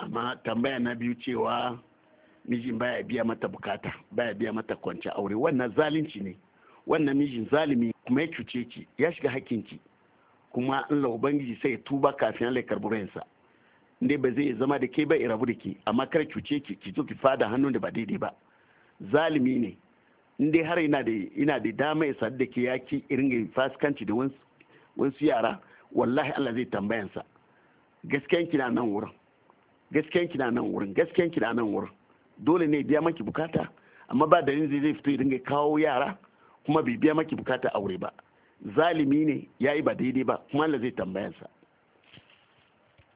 amma tambaya na biyu cewa mijin baya biya mata bukata baya biya mata kwanci aure wannan zalunci ne wannan mijin zalimi kuma ya cuce ki ya shiga hakinki kuma in ubangiji sai ya tuba kafin Allah ya karbi ransa inde ba zai zama da ke ba ya rabu da ke amma kar cuce ki ki zo ki fada hannun da ba daidai ba zalimi ne inde har ina da ina da dama ya sadu da ke ya ki irin fasikanci da wasu yara wallahi Allah zai tambayansa gaskiyan kina nan wurin gaskiyan ki na nan wurin gaskiyan ki na nan wurin dole ne biya maki bukata amma ba da zai zai fito ya dinga kawo yara kuma bai biya maki bukata aure ba zalimi ne ya yi ba daidai ba kuma Allah zai tambayansa